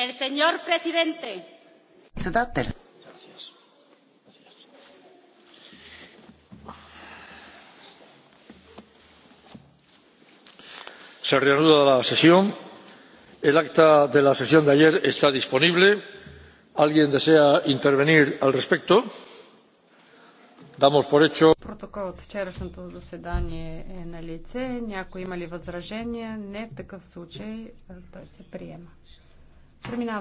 El señor presidente. Se reanuda la sesión. El acta de la sesión de ayer está disponible. ¿Alguien desea intervenir al respecto? Damos por hecho. Протокол от вчерашното заседание е на лице. възражения? Не, в такъв случай той се приема. Преминава